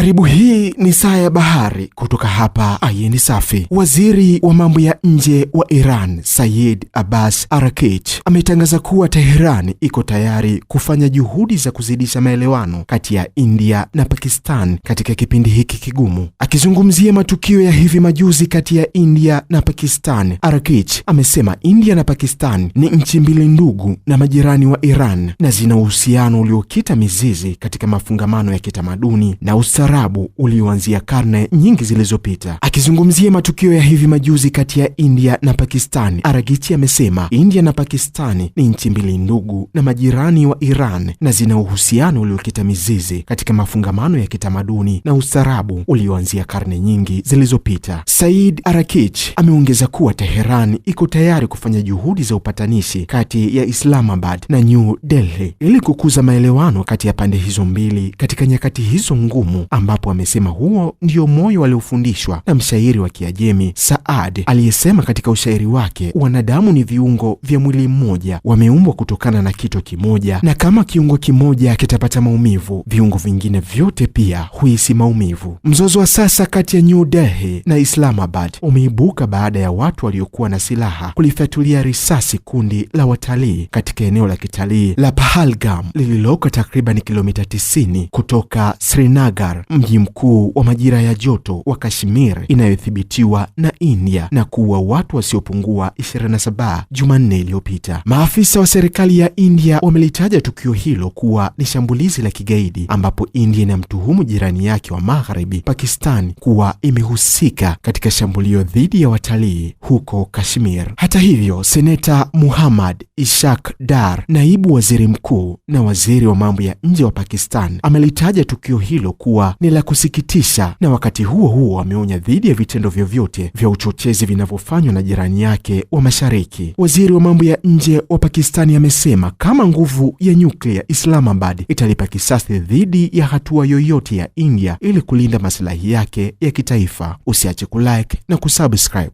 Karibu hii ni Saa ya Bahari kutoka hapa Ayin Safi. Waziri wa mambo ya nje wa Iran, Sayid Abbas Arakich ametangaza kuwa teheran iko tayari kufanya juhudi za kuzidisha maelewano kati ya India na Pakistan katika kipindi hiki kigumu. Akizungumzia matukio ya hivi majuzi kati ya India na Pakistan, Arakich amesema India na Pakistan ni nchi mbili ndugu na majirani wa Iran na zina uhusiano uliokita mizizi katika mafungamano ya kitamaduni na usalama ustaarabu ulioanzia karne nyingi zilizopita. Akizungumzia matukio ya hivi majuzi kati ya India na Pakistani, Araghchi amesema India na Pakistani ni nchi mbili ndugu na majirani wa Iran na zina uhusiano uliokita mizizi katika mafungamano ya kitamaduni na ustaarabu ulioanzia karne nyingi zilizopita. Said arakich ameongeza kuwa Teheran iko tayari kufanya juhudi za upatanishi kati ya Islamabad na New Delhi ili kukuza maelewano kati ya pande hizo mbili katika nyakati hizo ngumu ambapo amesema huo ndio moyo waliofundishwa na mshairi wa Kiajemi Saad aliyesema katika ushairi wake, wanadamu ni viungo vya mwili mmoja, wameumbwa kutokana na kitu kimoja, na kama kiungo kimoja kitapata maumivu, viungo vingine vyote pia huhisi maumivu. Mzozo wa sasa kati ya New Delhi na Islamabad umeibuka baada ya watu waliokuwa na silaha kulifyatulia risasi kundi la watalii katika eneo la kitalii la Pahalgam lililoko takriban kilomita 90 kutoka Srinagar mji mkuu wa majira ya joto wa Kashmir inayothibitiwa na India na kuua watu wasiopungua 27 Jumanne iliyopita. Maafisa wa serikali ya India wamelitaja tukio hilo kuwa ni shambulizi la kigaidi, ambapo India inamtuhumu jirani yake wa magharibi Pakistan kuwa imehusika katika shambulio dhidi ya watalii huko Kashmir. Hata hivyo, seneta Muhammad Ishaq Dar, naibu waziri mkuu na waziri wa mambo ya nje wa Pakistan, amelitaja tukio hilo kuwa ni la kusikitisha, na wakati huo huo ameonya dhidi ya vitendo vyovyote vya uchochezi vinavyofanywa na jirani yake wa mashariki. Waziri wa mambo ya nje wa Pakistani amesema kama nguvu ya nyuklia Islamabad italipa kisasi dhidi ya hatua yoyote ya India ili kulinda masilahi yake ya kitaifa. Usiache kulike na kusubscribe.